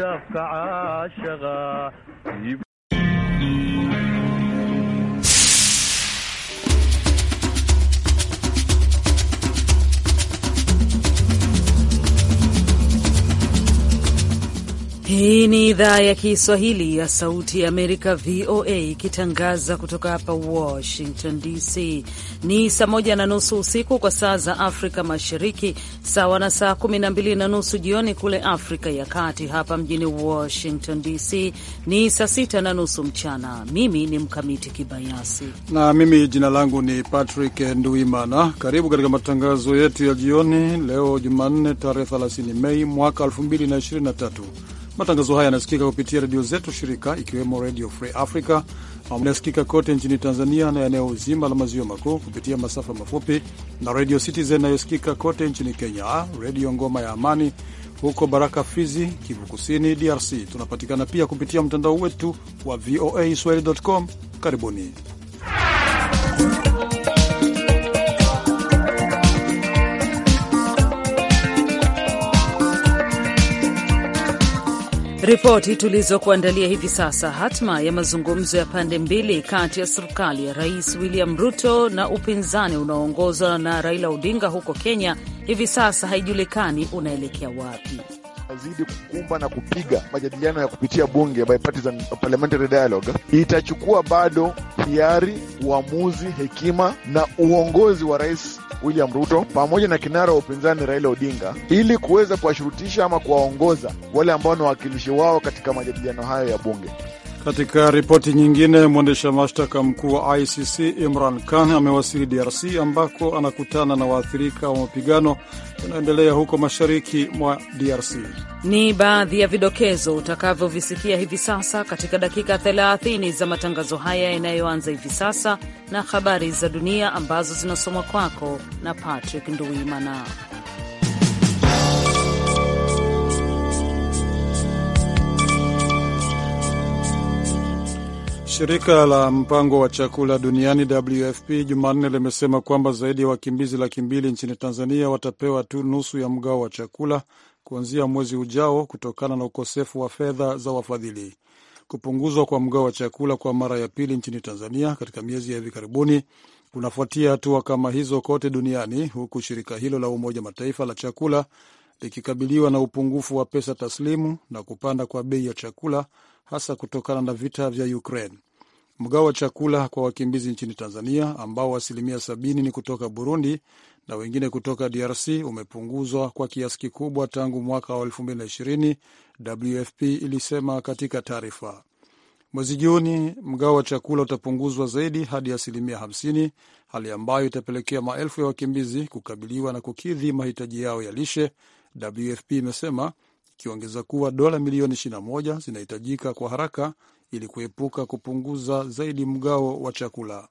ودفع عاشقا Hii ni idhaa ya Kiswahili ya Sauti ya Amerika, VOA, ikitangaza kutoka hapa Washington DC. Ni saa moja na nusu usiku kwa saa za Afrika Mashariki, sawa na saa kumi na mbili na nusu jioni kule Afrika ya Kati. Hapa mjini Washington DC ni saa sita na nusu mchana. Mimi ni Mkamiti Kibayasi na mimi jina langu ni Patrick Nduimana. Karibu katika matangazo yetu ya jioni leo Jumanne, tarehe 30 Mei mwaka 2023. Matangazo haya yanasikika kupitia redio zetu shirika ikiwemo Radio Free Africa inayosikika kote nchini Tanzania na eneo zima la maziwa makuu kupitia masafa mafupi na Radio Citizen inayosikika kote nchini Kenya, Redio Ngoma ya Amani huko Baraka, Fizi, Kivu Kusini, DRC. Tunapatikana pia kupitia mtandao wetu wa VOA Swahili.com. Karibuni. Ripoti tulizokuandalia hivi sasa: hatma ya mazungumzo ya pande mbili kati ya serikali ya Rais William Ruto na upinzani unaoongozwa na Raila Odinga huko Kenya hivi sasa haijulikani unaelekea wapi zidi kukumba na kupiga majadiliano ya kupitia bunge bipartisan parliamentary dialogue itachukua bado hiari, uamuzi, hekima na uongozi wa rais William Ruto pamoja na kinara wa upinzani Raila Odinga ili kuweza kuwashurutisha ama kuwaongoza wale ambao ni wawakilishi wao katika majadiliano hayo ya bunge. Katika ripoti nyingine, mwendesha mashtaka mkuu wa ICC Imran Khan amewasili DRC ambako anakutana na waathirika wa mapigano yanaendelea huko mashariki mwa DRC. Ni baadhi ya vidokezo utakavyovisikia hivi sasa katika dakika 30 za matangazo haya yanayoanza hivi sasa na habari za dunia ambazo zinasomwa kwako na Patrick Nduimana. Shirika la mpango wa chakula duniani WFP Jumanne limesema kwamba zaidi ya wakimbizi laki mbili nchini Tanzania watapewa tu nusu ya mgao wa chakula kuanzia mwezi ujao kutokana na ukosefu wa fedha za wafadhili. Kupunguzwa kwa mgao wa chakula kwa mara ya pili nchini Tanzania katika miezi ya hivi karibuni kunafuatia hatua kama hizo kote duniani, huku shirika hilo la Umoja Mataifa la chakula likikabiliwa na upungufu wa pesa taslimu na kupanda kwa bei ya chakula hasa kutokana na vita vya Ukraine. Mgao wa chakula kwa wakimbizi nchini Tanzania, ambao asilimia sabini ni kutoka Burundi na wengine kutoka DRC, umepunguzwa kwa kiasi kikubwa tangu mwaka wa 2020, WFP ilisema katika taarifa. Mwezi Juni, mgao wa chakula utapunguzwa zaidi hadi asilimia 50, hali ambayo itapelekea maelfu ya wakimbizi kukabiliwa na kukidhi mahitaji yao ya lishe, WFP imesema ikiongeza kuwa dola milioni 21 zinahitajika kwa haraka ili kuepuka kupunguza zaidi mgao wa chakula.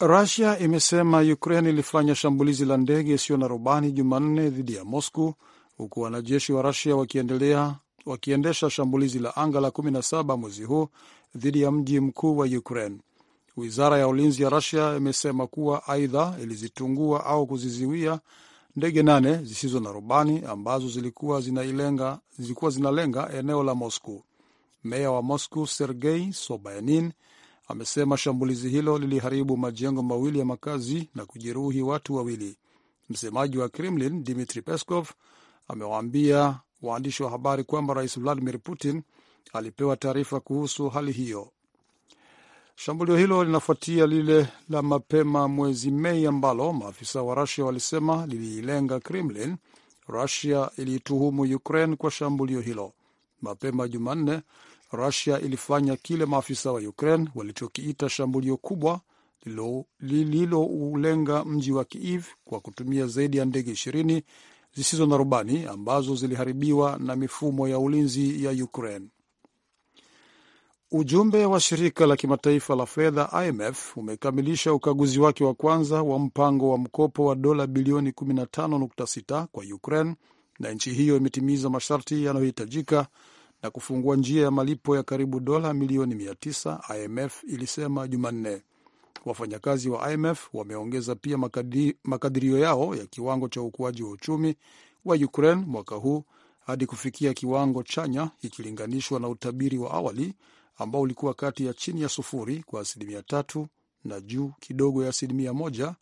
Rusia imesema Ukraine ilifanya shambulizi la ndege isiyo na rubani Jumanne dhidi ya Moscow, huku wanajeshi wa Rusia wakiendelea wakiendesha shambulizi la anga la 17 mwezi huu dhidi ya mji mkuu wa Ukraine. Wizara ya ulinzi ya Rusia imesema kuwa aidha ilizitungua au kuziziwia ndege nane zisizo na rubani ambazo zilikuwa zinailenga, zilikuwa zinalenga eneo la Moscow. Meya wa Moscow Sergei Sobyanin amesema shambulizi hilo liliharibu majengo mawili ya makazi na kujeruhi watu wawili. Msemaji wa Kremlin Dmitri Peskov amewaambia waandishi wa habari kwamba Rais Vladimir Putin alipewa taarifa kuhusu hali hiyo. Shambulio hilo linafuatia lile la mapema mwezi Mei ambalo maafisa wa Rusia walisema liliilenga Kremlin. Rusia iliituhumu Ukraine kwa shambulio hilo. Mapema Jumanne, Rusia ilifanya kile maafisa wa Ukraine walichokiita shambulio kubwa lililoulenga mji wa Kiev kwa kutumia zaidi ya ndege ishirini zisizo na rubani ambazo ziliharibiwa na mifumo ya ulinzi ya Ukraine. Ujumbe wa shirika la kimataifa la fedha IMF umekamilisha ukaguzi wake wa kwanza wa mpango wa mkopo wa dola bilioni 15.6 kwa Ukraine na nchi hiyo imetimiza masharti yanayohitajika na kufungua njia ya malipo ya karibu dola milioni 900, IMF ilisema Jumanne. Wafanyakazi wa IMF wameongeza pia makadirio yao ya kiwango cha ukuaji wa uchumi wa Ukraine mwaka huu hadi kufikia kiwango chanya ikilinganishwa na utabiri wa awali ambao ulikuwa kati ya chini ya sufuri kwa asilimia tatu na juu kidogo ya asilimia moja,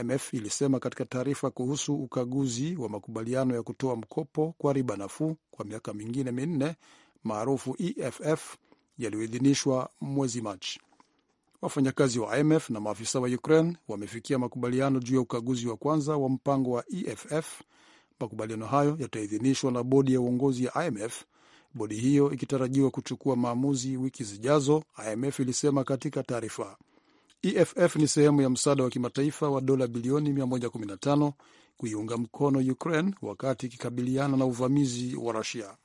IMF ilisema katika taarifa kuhusu ukaguzi wa makubaliano ya kutoa mkopo kwa riba nafuu kwa miaka mingine minne maarufu EFF yaliyoidhinishwa mwezi Machi. Wafanyakazi wa IMF na maafisa wa Ukraine wamefikia makubaliano juu ya ukaguzi wa kwanza wa mpango wa EFF. Makubaliano hayo yataidhinishwa na bodi ya uongozi ya IMF bodi hiyo ikitarajiwa kuchukua maamuzi wiki zijazo, IMF ilisema katika taarifa. EFF ni sehemu ya msaada wa kimataifa wa dola bilioni 115 kuiunga mkono Ukraine wakati ikikabiliana na uvamizi wa Rusia.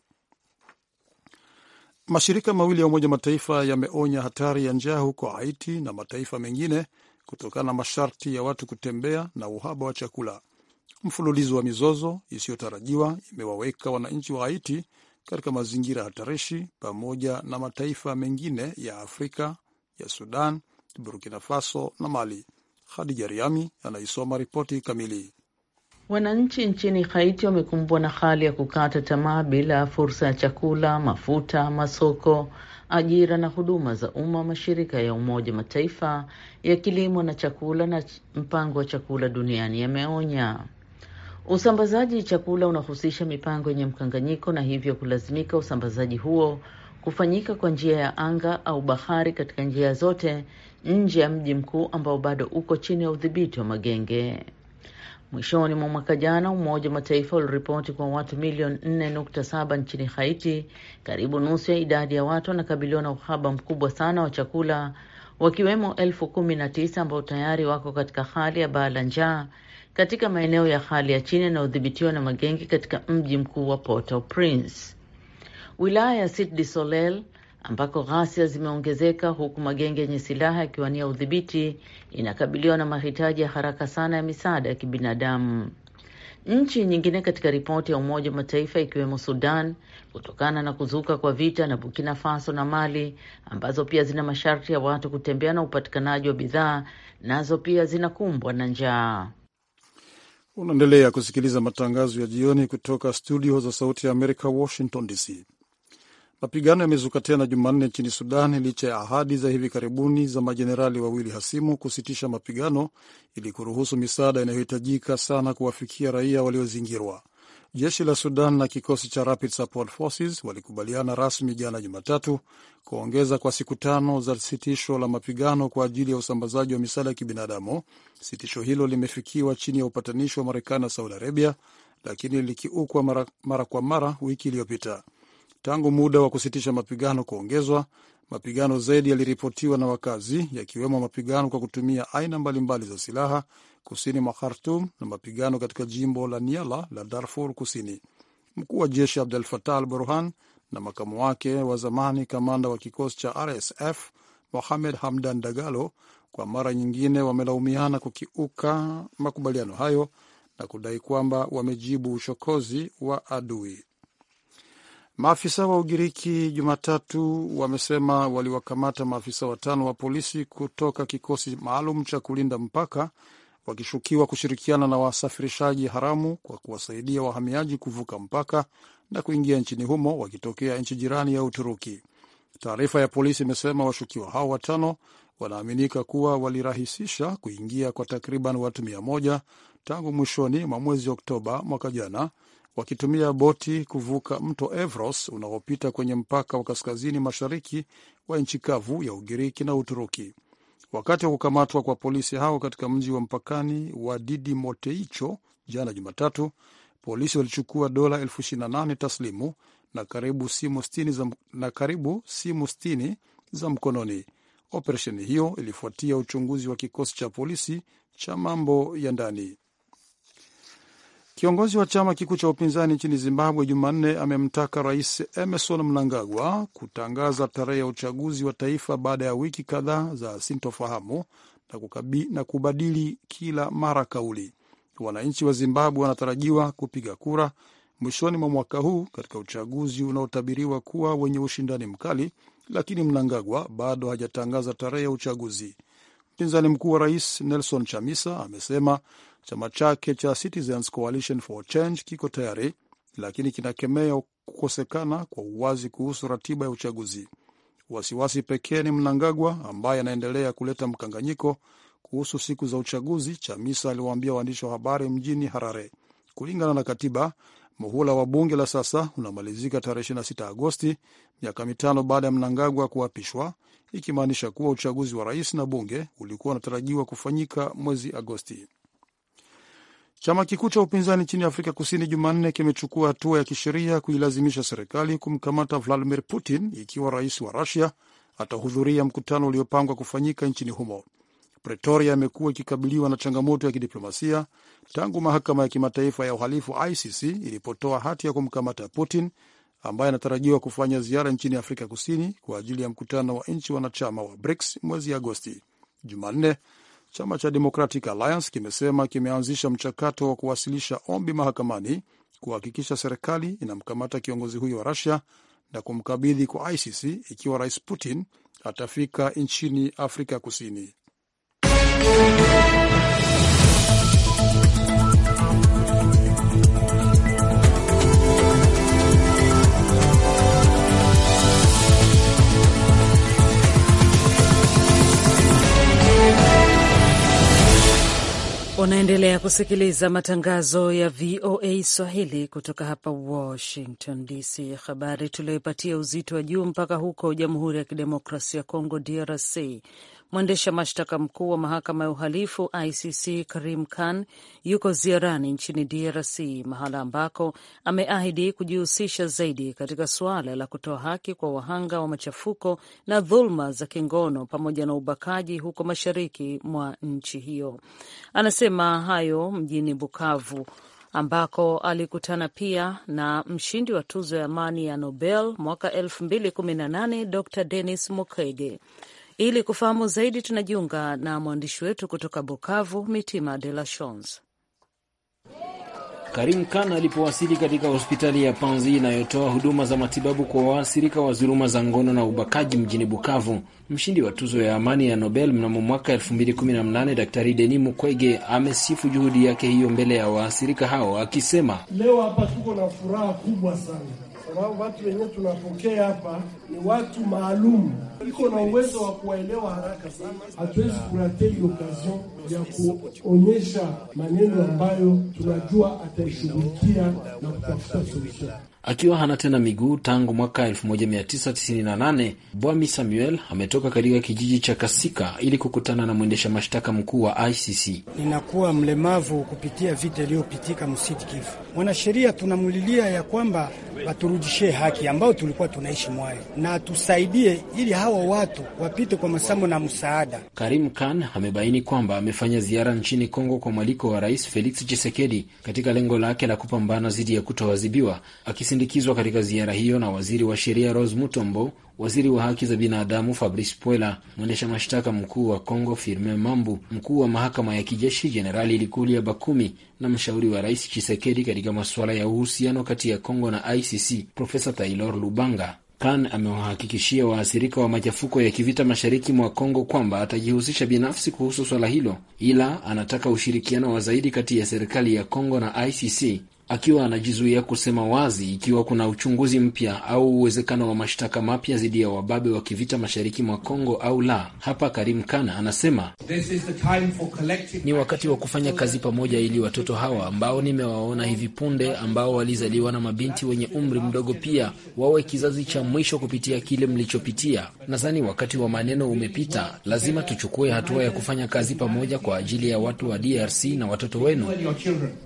Mashirika mawili ya Umoja Mataifa yameonya hatari ya njaa huko Haiti na mataifa mengine kutokana na masharti ya watu kutembea na uhaba wa chakula. Mfululizo wa mizozo isiyotarajiwa imewaweka wananchi wa Haiti katika mazingira hatarishi pamoja na mataifa mengine ya Afrika ya Sudan, Burkina Faso na Mali. Khadija Riami anaisoma ripoti kamili. Wananchi nchini Haiti wamekumbwa na hali ya kukata tamaa bila fursa ya chakula, mafuta, masoko, ajira na huduma za umma. Mashirika ya Umoja Mataifa ya kilimo na chakula na mpango wa chakula duniani yameonya Usambazaji chakula unahusisha mipango yenye mkanganyiko na hivyo kulazimika usambazaji huo kufanyika kwa njia ya anga au bahari katika njia zote nje ya mji mkuu ambao bado uko chini ya udhibiti wa magenge. Mwishoni mwa mwaka jana, Umoja wa Mataifa uliripoti kwa watu milioni 4.7 nchini Haiti. Karibu nusu ya idadi ya watu wanakabiliwa na uhaba mkubwa sana wa chakula, wakiwemo elfu kumi na tisa ambao tayari wako katika hali ya baa la njaa katika maeneo ya hali ya chini yanayodhibitiwa na magenge katika mji mkuu wa Port-au-Prince. Wilaya ya Cite du Soleil ambako ghasia zimeongezeka huku magenge yenye silaha yakiwania udhibiti, inakabiliwa na mahitaji ya haraka sana ya misaada ya kibinadamu. Nchi nyingine katika ripoti ya Umoja wa Mataifa ikiwemo Sudan kutokana na kuzuka kwa vita na Burkina Faso na Mali ambazo pia zina masharti ya watu kutembea na upatikanaji wa bidhaa, nazo pia zinakumbwa na njaa. Unaendelea kusikiliza matangazo ya jioni kutoka studio za Sauti ya Amerika, Washington DC. Mapigano yamezuka tena Jumanne nchini Sudan licha ya ahadi za hivi karibuni za majenerali wawili hasimu kusitisha mapigano ili kuruhusu misaada inayohitajika sana kuwafikia raia waliozingirwa. Jeshi la Sudan na kikosi cha Rapid Support Forces walikubaliana rasmi jana Jumatatu kuongeza kwa siku tano za sitisho la mapigano kwa ajili ya usambazaji wa misaada ya kibinadamu. Sitisho hilo limefikiwa chini ya upatanishi wa Marekani na Saudi Arabia, lakini likiukwa mara, mara kwa mara wiki iliyopita. Tangu muda wa kusitisha mapigano kuongezwa, mapigano zaidi yaliripotiwa na wakazi, yakiwemo mapigano kwa kutumia aina mbalimbali za silaha kusini mwa Khartum na mapigano katika jimbo la Niala la Darfur Kusini. Mkuu wa jeshi Abdul fatah al Burhan na makamu wake wa zamani kamanda wa kikosi cha RSF Mohamed Hamdan Dagalo kwa mara nyingine wamelaumiana kukiuka makubaliano hayo na kudai kwamba wamejibu uchokozi wa adui. Maafisa wa Ugiriki Jumatatu wamesema waliwakamata maafisa watano wa polisi kutoka kikosi maalum cha kulinda mpaka wakishukiwa kushirikiana na wasafirishaji haramu kwa kuwasaidia wahamiaji kuvuka mpaka na kuingia nchini humo wakitokea nchi jirani ya Uturuki. Taarifa ya polisi imesema washukiwa hao watano wanaaminika kuwa walirahisisha kuingia kwa takriban watu mia moja tangu mwishoni mwa mwezi Oktoba mwaka jana, wakitumia boti kuvuka mto Evros unaopita kwenye mpaka wa kaskazini mashariki wa nchi kavu ya Ugiriki na Uturuki wakati wa kukamatwa kwa polisi hao katika mji wa mpakani wa Didi Moteicho jana Jumatatu, polisi walichukua dola elfu ishirini na nane taslimu na karibu simu sitini za, na karibu simu sitini za mkononi. Operesheni hiyo ilifuatia uchunguzi wa kikosi cha polisi cha mambo ya ndani. Kiongozi wa chama kikuu cha upinzani nchini Zimbabwe Jumanne amemtaka Rais Emerson Mnangagwa kutangaza tarehe ya uchaguzi wa taifa baada ya wiki kadhaa za sintofahamu na, na kubadili kila mara kauli. Wananchi wa Zimbabwe wanatarajiwa kupiga kura mwishoni mwa mwaka huu katika uchaguzi unaotabiriwa kuwa wenye ushindani mkali, lakini Mnangagwa bado hajatangaza tarehe ya uchaguzi. Mpinzani mkuu wa rais Nelson Chamisa amesema Chama chake cha Citizens Coalition for Change kiko tayari, lakini kinakemea kukosekana kwa uwazi kuhusu ratiba ya uchaguzi. Wasiwasi pekee ni Mnangagwa ambaye anaendelea kuleta mkanganyiko kuhusu siku za uchaguzi, Chamisa aliwaambia waandishi wa habari mjini Harare. Kulingana na katiba, muhula wa bunge la sasa unamalizika tarehe 26 Agosti, miaka mitano baada ya Mnangagwa kuapishwa, ikimaanisha kuwa uchaguzi wa rais na bunge ulikuwa unatarajiwa kufanyika mwezi Agosti. Chama kikuu cha upinzani nchini Afrika Kusini Jumanne kimechukua hatua ya kisheria kuilazimisha serikali kumkamata Vladimir Putin ikiwa rais wa Rusia atahudhuria mkutano uliopangwa kufanyika nchini humo. Pretoria imekuwa ikikabiliwa na changamoto ya kidiplomasia tangu mahakama ya kimataifa ya uhalifu ICC ilipotoa hati ya kumkamata Putin ambaye anatarajiwa kufanya ziara nchini Afrika Kusini kwa ajili ya mkutano wa nchi wanachama wa BRICS mwezi Agosti. Jumanne, Chama cha Democratic Alliance kimesema kimeanzisha mchakato wa kuwasilisha ombi mahakamani kuhakikisha serikali inamkamata kiongozi huyo wa Rusia na kumkabidhi kwa ICC ikiwa Rais Putin atafika nchini Afrika Kusini. Unaendelea kusikiliza matangazo ya VOA Swahili kutoka hapa Washington DC. Habari tuliyoipatia uzito wa juu mpaka huko Jamhuri ya Kidemokrasia ya Kongo, DRC, Mwendesha mashtaka mkuu wa mahakama ya uhalifu ICC Karim Khan yuko ziarani nchini DRC, mahala ambako ameahidi kujihusisha zaidi katika suala la kutoa haki kwa wahanga wa machafuko na dhuluma za kingono pamoja na ubakaji huko mashariki mwa nchi hiyo. Anasema hayo mjini Bukavu ambako alikutana pia na mshindi wa tuzo ya amani ya Nobel mwaka 2018 Dr Denis Mukwege. Ili kufahamu zaidi, tunajiunga na mwandishi wetu kutoka Bukavu, Mitima de la Chance. Karim Khan alipowasili katika hospitali ya Panzi inayotoa huduma za matibabu kwa waathirika wa dhuluma za ngono na ubakaji mjini Bukavu, mshindi wa tuzo ya amani ya Nobel mnamo mwaka 2018 Daktari Denis Mukwege amesifu juhudi yake hiyo mbele ya waathirika hao akisema, leo hapa tuko na furaha kubwa sana sababu watu wenyewe tunapokea hapa ni watu maalum, iko na uwezo wa kuwaelewa haraka sana. Hatuwezi kurate okasion ya kuonyesha maneno ambayo tunajua ataishughulikia na kutafuta solution. Akiwa hana tena miguu tangu mwaka 1998 Bwami Samuel ametoka katika kijiji cha Kasika ili kukutana na mwendesha mashtaka mkuu wa ICC. Ninakuwa mlemavu kupitia vita iliyopitika msiti mwanasheria tunamulilia ya kwamba waturudishie haki ambayo tulikuwa tunaishi mwayo na tusaidie ili hawa watu wapite kwa masambo na msaada. Karim Khan amebaini kwamba amefanya ziara nchini Kongo kwa mwaliko wa Rais Felix Tshisekedi katika lengo lake la kupambana dhidi ya kutowazibiwa akisindikizwa katika ziara hiyo na waziri wa sheria Rose Mutombo Waziri wa haki za binadamu Fabrice Puela, mwendesha mashtaka mkuu wa congo Firme Mambu, mkuu wa mahakama ya kijeshi Jenerali Likulia Bakumi na mshauri wa rais Chisekedi katika masuala ya uhusiano kati ya Kongo na ICC Profesa Taylor Lubanga Kan amewahakikishia waathirika wa machafuko ya kivita mashariki mwa Kongo kwamba atajihusisha binafsi kuhusu swala hilo, ila anataka ushirikiano wa zaidi kati ya serikali ya Kongo na ICC akiwa anajizuia kusema wazi ikiwa kuna uchunguzi mpya au uwezekano wa mashtaka mapya dhidi ya wababe wa kivita mashariki mwa Kongo au la. Hapa Karim Kana anasema collective... ni wakati wa kufanya kazi pamoja, ili watoto hawa ambao nimewaona hivi punde, ambao walizaliwa na mabinti wenye umri mdogo, pia wawe kizazi cha mwisho kupitia kile mlichopitia. Nadhani wakati wa maneno umepita, lazima tuchukue hatua ya kufanya kazi pamoja kwa ajili ya watu wa DRC na watoto wenu.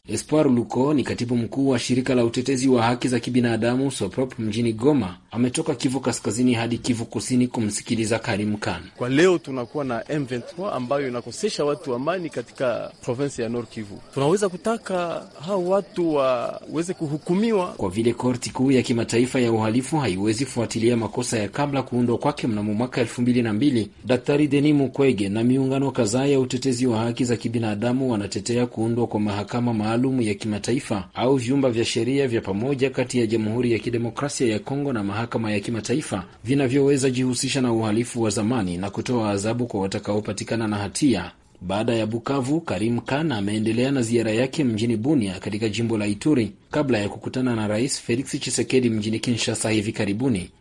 Espoir Luko ni katibu mkuu wa shirika la utetezi wa haki za kibinadamu SOPROP mjini Goma ametoka Kivu Kaskazini hadi Kivu Kusini kumsikiliza Karim Khan. Kwa leo tunakuwa na M23 ambayo inakosesha watu amani katika provinsi ya Nord Kivu. Tunaweza kutaka hao watu waweze kuhukumiwa kwa vile korti kuu ya kimataifa ya uhalifu haiwezi fuatilia makosa ya kabla kuundwa kwake mnamo mwaka elfu mbili na mbili. Daktari Denis Mukwege na miungano kadhaa ya utetezi wa haki za kibinadamu wanatetea kuundwa kwa mahakama maalum ya kimataifa au vyumba vya sheria vya pamoja kati ya Jamhuri ya Kidemokrasia ya Kongo na Mahakama ya Kimataifa vinavyoweza jihusisha na uhalifu wa zamani na kutoa adhabu kwa watakaopatikana na hatia. Baada ya Bukavu, Karim Khan ameendelea na ziara yake mjini Bunia katika jimbo la Ituri kabla ya kukutana na Rais Felix Tshisekedi mjini Kinshasa hivi karibuni.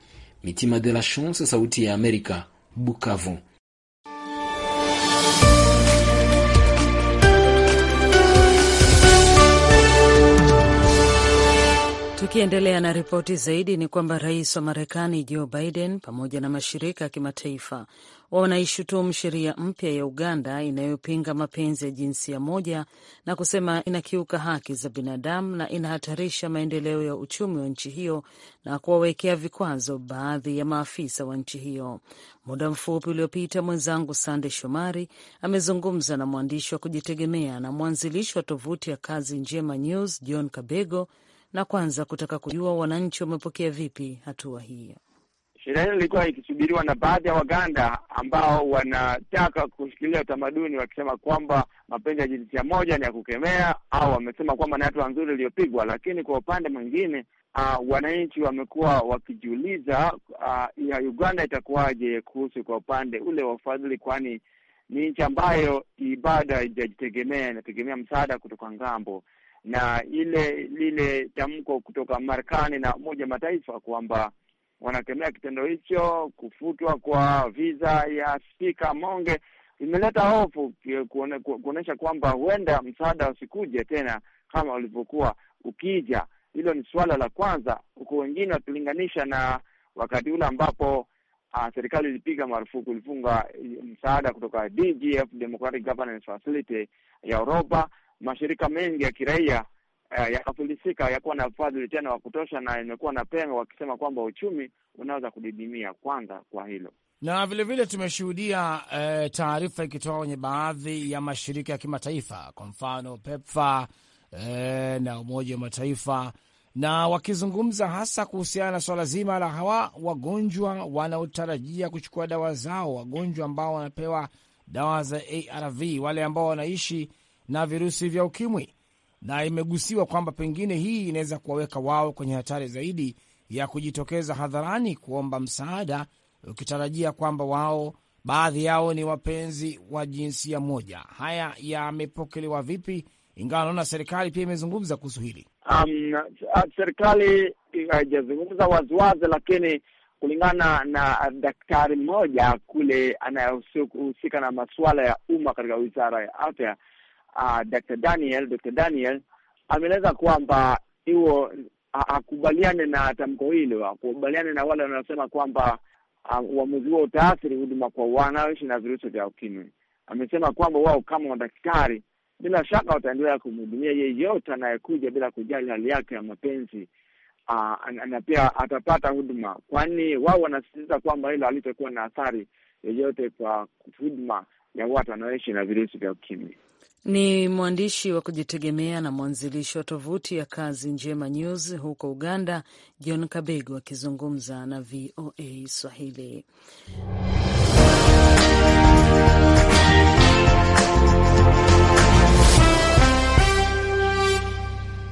Mitima de la Chance, Sauti ya Amerika, Bukavu. Tukiendelea na ripoti zaidi ni kwamba rais wa Marekani Joe Biden pamoja na mashirika ya kimataifa wanaishutumu sheria mpya ya Uganda inayopinga mapenzi ya jinsia moja na kusema inakiuka haki za binadamu na inahatarisha maendeleo ya uchumi wa nchi hiyo na kuwawekea vikwazo baadhi ya maafisa wa nchi hiyo. Muda mfupi uliopita, mwenzangu Sande Shomari amezungumza na mwandishi wa kujitegemea na mwanzilishi wa tovuti ya Kazi Njema News John Kabego na kwanza kutaka kujua wananchi wamepokea vipi hatua hiyo Sherehe hiyo ilikuwa ikisubiriwa na baadhi ya Waganda ambao wanataka kushikilia utamaduni, wakisema kwamba mapenzi ya jinsia moja ni ya kukemea, au wamesema kwamba ni hatua nzuri iliyopigwa. Lakini kwa upande mwingine uh, wananchi wamekuwa wakijiuliza uh, ya Uganda itakuwaje kuhusu kwa upande ule wa ufadhili, kwani ni nchi ambayo ibada haijajitegemea, inategemea msaada kutoka ngambo na ile lile tamko kutoka Marekani na Umoja Mataifa kwamba wanakemea kitendo hicho. Kufutwa kwa visa ya spika Monge imeleta hofu kuonyesha kuonesha kwamba huenda msaada usikuje tena kama ulivyokuwa ukija. Hilo ni suala la kwanza, huku wengine wakilinganisha na wakati ule ambapo uh, serikali ilipiga marufuku, ilifunga eh, msaada kutoka DGF, Democratic Governance Facility ya Europa mashirika mengi ya kiraia uh, yakafilisika yakuwa na fadhili tena wa kutosha, na imekuwa na pengo, wakisema kwamba uchumi unaweza kudidimia kwanza kwa hilo na vilevile vile tumeshuhudia uh, taarifa ikitoka kwenye baadhi ya mashirika ya kimataifa kwa mfano PEPFA uh, eh, na Umoja wa Mataifa na wakizungumza hasa kuhusiana na swala zima la hawa wagonjwa wanaotarajia kuchukua dawa zao, wagonjwa ambao wanapewa dawa za ARV, wale ambao wanaishi na virusi vya ukimwi, na imegusiwa kwamba pengine hii inaweza kuwaweka wao kwenye hatari zaidi ya kujitokeza hadharani kuomba msaada, ukitarajia kwamba wao baadhi yao ni wapenzi wa jinsia moja. Haya yamepokelewa vipi? Ingawa naona serikali pia imezungumza kuhusu hili. Um, uh, serikali uh, haijazungumza waziwazi, lakini kulingana na daktari mmoja kule anayehusika na masuala ya umma katika wizara ya afya uh, Dr. Daniel Dr. Daniel ameeleza kwamba hiyo hakubaliane na tamko hilo, hakubaliane na wale wanaosema kwamba ah, uamuzi um, huo utaathiri huduma kwa wanaoishi na virusi vya ukimwi. Amesema kwamba wao kama madaktari bila shaka wataendelea kumhudumia yeyote anayekuja bila kujali hali yake ya mapenzi uh, na pia atapata huduma, kwani wao wanasisitiza kwamba hilo halitakuwa na athari yeyote kwa huduma ya watu wanaoishi na virusi vya ukimwi. Ni mwandishi wa kujitegemea na mwanzilishi wa tovuti ya Kazi Njema News huko Uganda, John Kabego akizungumza na VOA Swahili.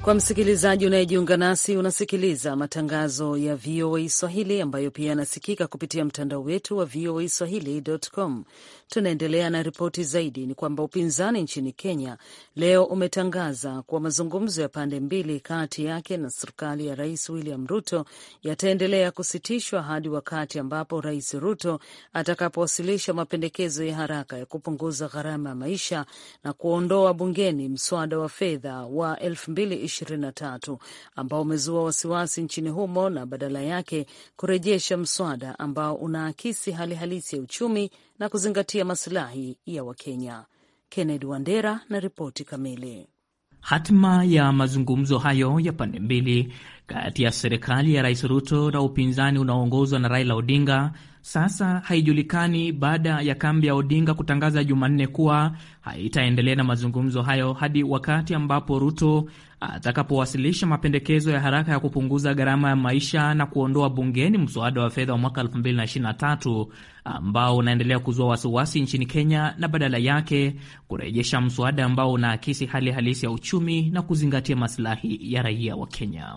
Kwa msikilizaji unayejiunga nasi, unasikiliza matangazo ya VOA Swahili ambayo pia yanasikika kupitia mtandao wetu wa VOA Swahili.com. Tunaendelea na ripoti zaidi, ni kwamba upinzani nchini Kenya leo umetangaza kuwa mazungumzo ya pande mbili kati yake na serikali ya Rais William Ruto yataendelea kusitishwa hadi wakati ambapo Rais Ruto atakapowasilisha mapendekezo ya haraka ya kupunguza gharama ya maisha na kuondoa bungeni mswada wa fedha wa 2023 ambao umezua wasiwasi nchini humo na badala yake kurejesha mswada ambao unaakisi hali halisi ya uchumi na kuzingatia masilahi ya Wakenya. Kennedy Wandera na ripoti kamili. Hatima ya mazungumzo hayo ya pande mbili kati ya serikali ya Rais Ruto na upinzani unaoongozwa na Raila Odinga sasa haijulikani baada ya kambi ya Odinga kutangaza Jumanne kuwa haitaendelea na mazungumzo hayo hadi wakati ambapo Ruto atakapowasilisha mapendekezo ya haraka ya kupunguza gharama ya maisha na kuondoa bungeni mswada wa fedha wa mwaka 2023 ambao unaendelea kuzua wasiwasi nchini Kenya na badala yake kurejesha mswada ambao unaakisi hali halisi ya uchumi na kuzingatia masilahi ya raia wa Kenya.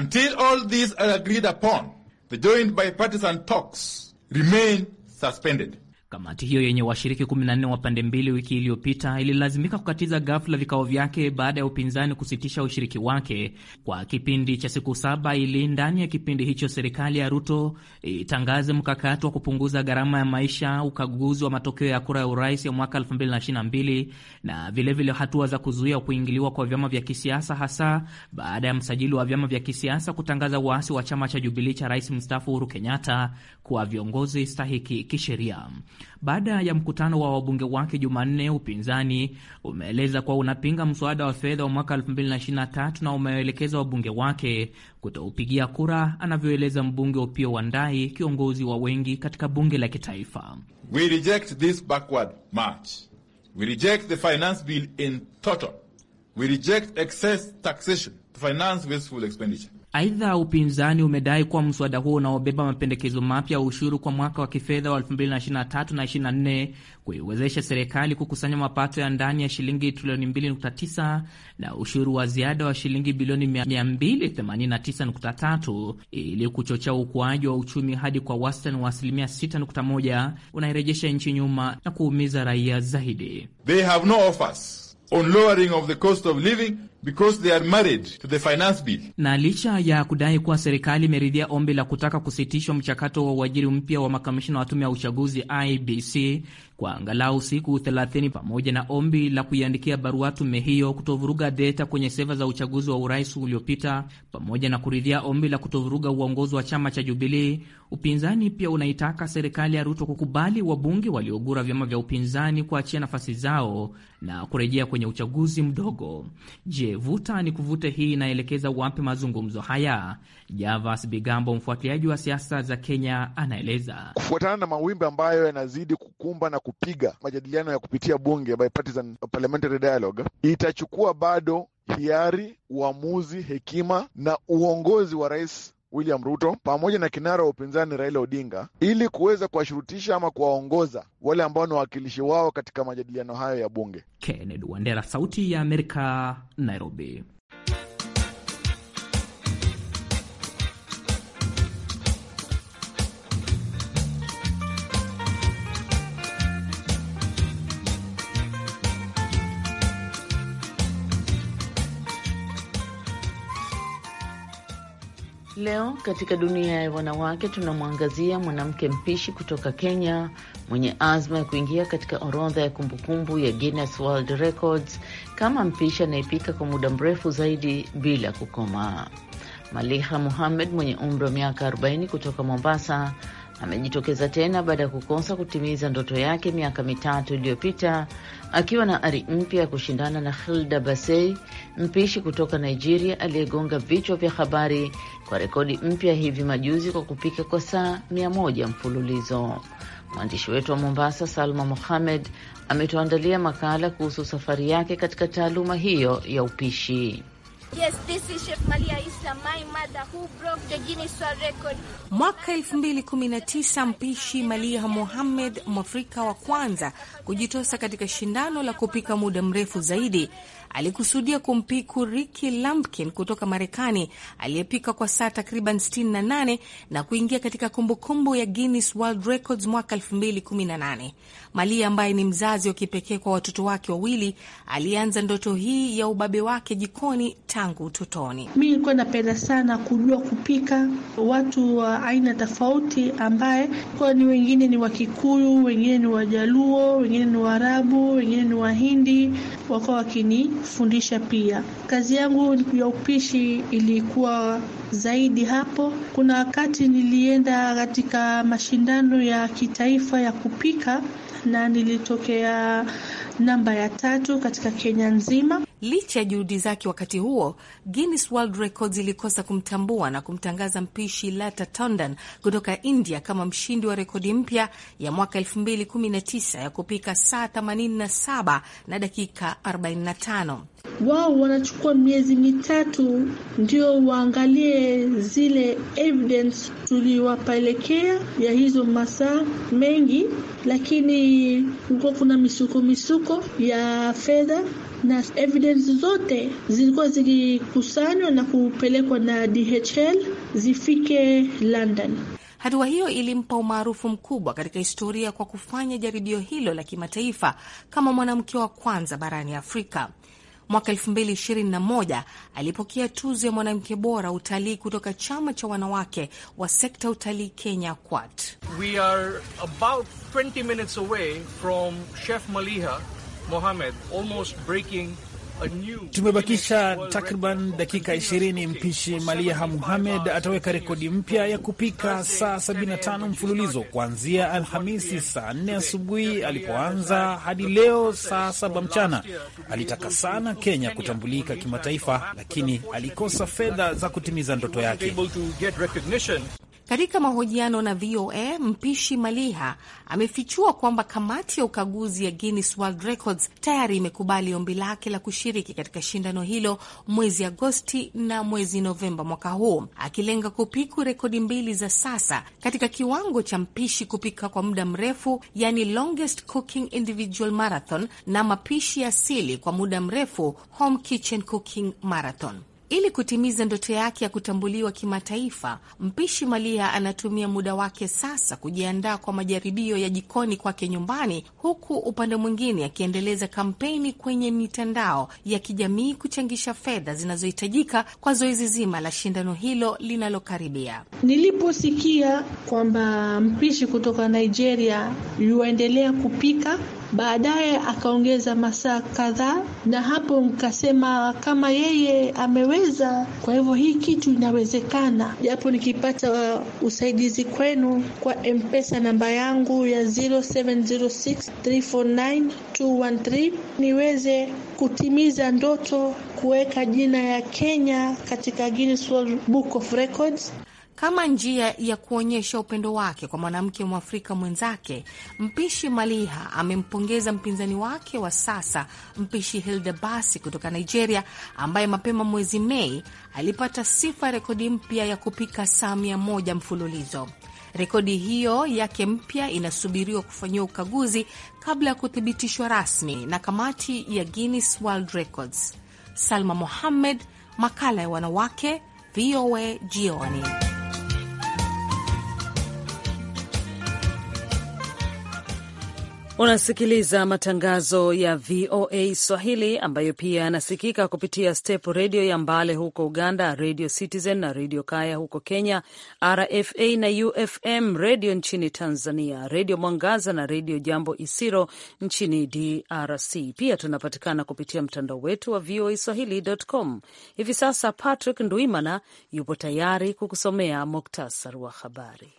Until all these are agreed upon, the joint bipartisan talks remain suspended. Kamati hiyo yenye washiriki 14 wa pande mbili wiki iliyopita ililazimika kukatiza ghafla vikao vyake baada ya upinzani kusitisha ushiriki wake kwa kipindi cha siku saba ili ndani ya kipindi hicho serikali ya Ruto itangaze mkakati wa kupunguza gharama ya maisha, ukaguzi wa matokeo ya kura ya urais ya mwaka 2022 na vilevile hatua za kuzuia kuingiliwa kwa vyama vya kisiasa, hasa baada ya msajili wa vyama vya kisiasa kutangaza uasi wa chama cha Jubilii cha rais mstaafu Uhuru Kenyatta kuwa viongozi stahiki kisheria. Baada ya mkutano wa wabunge wake Jumanne, upinzani umeeleza kuwa unapinga mswada wa fedha wa mwaka 2023 na umeelekeza wabunge wake kutoupigia kura, anavyoeleza mbunge wa ndai kiongozi wa wengi katika bunge la kitaifa. We reject this backward march. We reject the finance bill in total. We reject excess taxation to finance wasteful expenditure. Aidha, upinzani umedai kuwa mswada huo unaobeba mapendekezo mapya ya ushuru kwa mwaka wa kifedha wa 2023 na 24 kuiwezesha serikali kukusanya mapato ya ndani ya shilingi trilioni 2.9 na ushuru wa ziada wa shilingi bilioni 289.3 ili kuchochea ukuaji wa uchumi hadi kwa wastani wa asilimia 6.1 unairejesha nchi nyuma na kuumiza raia zaidi. They have no offers on lowering of the cost of living because they are married to the finance bill. Na licha ya kudai kuwa serikali imeridhia ombi la kutaka kusitishwa mchakato wa uajiri mpya wa makamishina wa tume ya uchaguzi IBC, kwa angalau siku 30 pamoja na ombi la kuiandikia barua tume hiyo kutovuruga deta kwenye seva za uchaguzi wa urais uliopita pamoja na kuridhia ombi la kutovuruga uongozi wa chama cha Jubilii. Upinzani pia unaitaka serikali ya Ruto kukubali wabunge waliogura vyama vya upinzani kuachia nafasi zao na kurejea kwenye uchaguzi mdogo. Je, vuta ni kuvute hii inaelekeza wapi mazungumzo haya? Javas Bigambo, mfuatiliaji wa siasa za Kenya, anaeleza. Kufuatana na mawimbi ambayo yanazidi kukumba na kum kupiga majadiliano ya kupitia bunge bipartisan parliamentary dialogue itachukua bado hiari, uamuzi, hekima na uongozi wa rais William Ruto pamoja na kinara wa upinzani Raila Odinga ili kuweza kuwashurutisha ama kuwaongoza wale ambao ni wawakilishi wao katika majadiliano hayo ya bunge. Kennedy Wandera, Sauti ya Amerika, Nairobi. Leo katika dunia ya wanawake tunamwangazia mwanamke mpishi kutoka Kenya mwenye azma ya kuingia katika orodha ya kumbukumbu ya Guinness World Records kama mpishi anayepika kwa muda mrefu zaidi bila kukoma. Maliha Muhamed mwenye umri wa miaka 40 kutoka Mombasa amejitokeza tena baada ya kukosa kutimiza ndoto yake miaka mitatu iliyopita akiwa na ari mpya ya kushindana na Hilda basei mpishi kutoka Nigeria aliyegonga vichwa vya habari kwa rekodi mpya hivi majuzi kwa kupika kwa saa mia moja mfululizo. Mwandishi wetu wa Mombasa, Salma Mohamed, ametuandalia makala kuhusu safari yake katika taaluma hiyo ya upishi. Yes, this is Chef Malia Isla, my mother, who broke the Guinness World Record. Mwaka 2019 mpishi Malia Mohamed, Mwafrika wa kwanza kujitosa katika shindano la kupika muda mrefu zaidi alikusudia kumpiku Ricky Lampkin kutoka Marekani aliyepika kwa saa takriban 68 na kuingia katika kumbukumbu ya Guinness World Records mwaka 2018. Malia ambaye ni mzazi wa kipekee kwa watoto wake wawili alianza ndoto hii ya ubabe wake jikoni tangu utotoni. Mi nilikuwa napenda sana kujua kupika watu wa aina tofauti, ambaye kwa ni wengine ni Wakikuyu, wengine ni Wajaluo, wengine ni Waarabu, wengine ni Wahindi, wakawa wakini kufundisha pia. Kazi yangu ya upishi ilikuwa zaidi hapo. Kuna wakati nilienda katika mashindano ya kitaifa ya kupika na nilitokea namba ya tatu katika Kenya nzima. Licha ya juhudi zake wakati huo, Guinness World Records ilikosa kumtambua na kumtangaza mpishi Lata Tonden kutoka India kama mshindi wa rekodi mpya ya mwaka 2019 ya kupika saa 87 na dakika 45. Wao wanachukua miezi mitatu ndio waangalie zile evidence tuliwapelekea ya hizo masaa mengi, lakini kulikuwa kuna misuko misuko ya fedha na evidence zote zilikuwa zikikusanywa na kupelekwa na DHL zifike London. Hatua hiyo ilimpa umaarufu mkubwa katika historia kwa kufanya jaribio hilo la kimataifa kama mwanamke wa kwanza barani Afrika. Mwaka 2021 alipokea tuzo ya mwanamke bora utalii kutoka chama cha wanawake wa sekta utalii Kenya, Kwat. We are about 20 minutes away from Chef Maliha Mohamed, almost breaking Tumebakisha takriban dakika 20 mpishi Maliha muhamed ataweka rekodi mpya ya kupika saa 75 mfululizo kuanzia Alhamisi saa 4 asubuhi alipoanza hadi leo saa saba mchana. Alitaka sana Kenya kutambulika kimataifa, lakini alikosa fedha za kutimiza ndoto yake. Katika mahojiano na VOA, mpishi Maliha amefichua kwamba kamati ya ukaguzi ya Guinness World Records tayari imekubali ombi lake la kushiriki katika shindano hilo mwezi Agosti na mwezi Novemba mwaka huu, akilenga kupiku rekodi mbili za sasa katika kiwango cha mpishi kupika kwa muda mrefu, yani longest cooking individual marathon, na mapishi asili kwa muda mrefu, home kitchen cooking marathon. Ili kutimiza ndoto yake ya kutambuliwa kimataifa, mpishi Malia anatumia muda wake sasa kujiandaa kwa majaribio ya jikoni kwake nyumbani, huku upande mwingine akiendeleza kampeni kwenye mitandao ya kijamii kuchangisha fedha zinazohitajika kwa zoezi zima la shindano hilo linalokaribia. Niliposikia kwamba mpishi kutoka Nigeria yuaendelea kupika Baadaye akaongeza masaa kadhaa, na hapo nkasema kama yeye ameweza, kwa hivyo hii kitu inawezekana, japo nikipata usaidizi kwenu kwa mpesa namba yangu ya 0706349213 niweze kutimiza ndoto, kuweka jina ya Kenya katika Guinness World Book of Records. Kama njia ya kuonyesha upendo wake kwa mwanamke mwafrika mwenzake, mpishi Maliha amempongeza mpinzani wake wa sasa, mpishi Hilda Basi kutoka Nigeria, ambaye mapema mwezi Mei alipata sifa ya rekodi mpya ya kupika saa mia moja mfululizo. Rekodi hiyo yake mpya inasubiriwa kufanyiwa ukaguzi kabla ya kuthibitishwa rasmi na kamati ya Guinness World Records. Salma Mohammed, makala ya wanawake, VOA jioni. Unasikiliza matangazo ya VOA Swahili ambayo pia yanasikika kupitia Step Redio ya Mbale huko Uganda, Redio Citizen na Redio Kaya huko Kenya, RFA na UFM Redio nchini Tanzania, Redio Mwangaza na Redio Jambo Isiro nchini DRC. Pia tunapatikana kupitia mtandao wetu wa VOA Swahili.com. Hivi sasa Patrick Ndwimana yupo tayari kukusomea muktasari wa habari.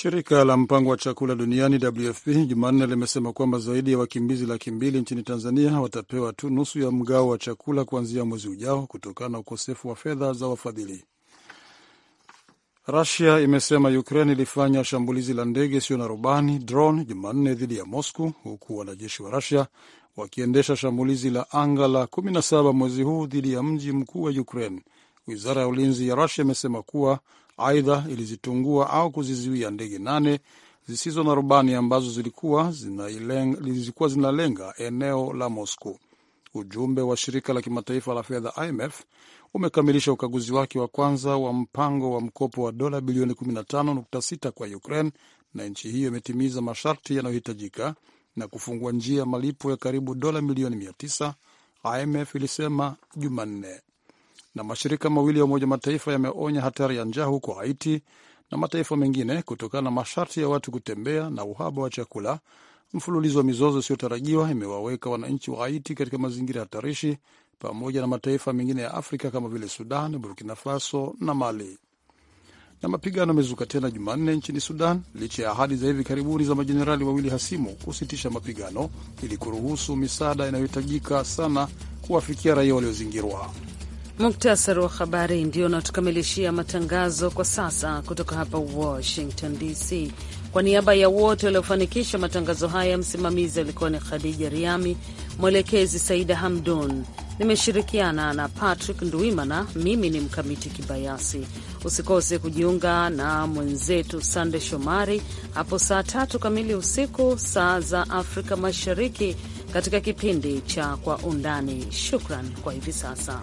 Shirika la mpango wa chakula duniani WFP Jumanne limesema kwamba zaidi ya wakimbizi laki mbili nchini Tanzania watapewa tu nusu ya mgao wa chakula kuanzia mwezi ujao kutokana na ukosefu wa fedha za wafadhili. Rusia imesema Ukraine ilifanya shambulizi la ndege isiyo na rubani drone Jumanne dhidi ya Moscow, huku wanajeshi wa Rusia wakiendesha shambulizi la anga la 17 mwezi huu dhidi ya mji mkuu wa Ukraine. Wizara ya ulinzi ya Rusia imesema kuwa Aidha, ilizitungua au kuzizuia ndege nane zisizo na rubani ambazo zilikuwa zinalenga, zilikuwa zinalenga eneo la Moscow. Ujumbe wa shirika la kimataifa la fedha IMF umekamilisha ukaguzi wake wa kwanza wa mpango wa mkopo wa dola bilioni 15.6 kwa Ukraine na nchi hiyo imetimiza masharti yanayohitajika na kufungua njia ya malipo ya karibu dola milioni 900, IMF ilisema Jumanne na mashirika mawili ya Umoja Mataifa yameonya hatari ya njaa huko Haiti na mataifa mengine kutokana na masharti ya watu kutembea na uhaba wa chakula. Mfululizo wa mizozo isiyotarajiwa imewaweka wananchi wa Haiti katika mazingira hatarishi pamoja na mataifa mengine ya Afrika kama vile Sudan, Burkina Faso na Mali. Na mapigano yamezuka tena Jumanne nchini Sudan licha ya ahadi za hivi karibuni za majenerali wawili hasimu kusitisha mapigano ili kuruhusu misaada inayohitajika sana kuwafikia raia waliozingirwa. Muktasari wa habari ndio unatukamilishia matangazo kwa sasa kutoka hapa Washington DC. Kwa niaba ya wote waliofanikisha matangazo haya, msimamizi alikuwa ni Khadija Riami, mwelekezi Saida Hamdun. Nimeshirikiana na Patrick Ndwimana. Mimi ni Mkamiti Kibayasi. Usikose kujiunga na mwenzetu Sande Shomari hapo saa tatu kamili usiku saa za Afrika Mashariki katika kipindi cha Kwa Undani. Shukran kwa hivi sasa.